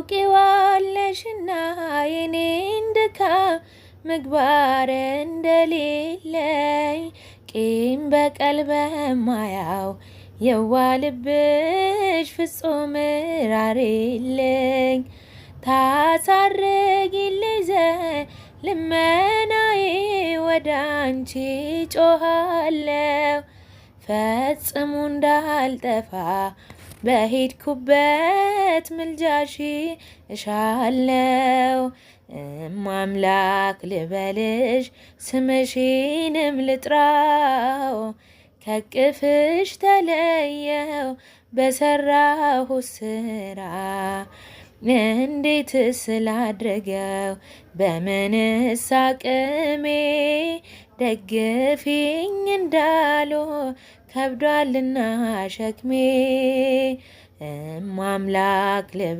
ታውቂዋለሽና የኔን ድካም ምግባር እንደሌለኝ ቂም በቀል በማያው የዋ ልብሽ ፍጹም ራሬለኝ ታሳርጊልኝ ዘንድ ልመናዬ ወደ አንቺ ጮኻለሁ ፈጽሙ እንዳልጠፋ በሄድኩበት ምልጃሽ እሻለው ማምላክ ልበልሽ ስምሽንም ልጥራው ከቅፍሽ ተለየው በሰራሁ ስራ እንዴት ስላድረገው በምንስ አቅሜ ደግፊኝ እንዳሉ ከብዷልና ሸክሜ እማምላክ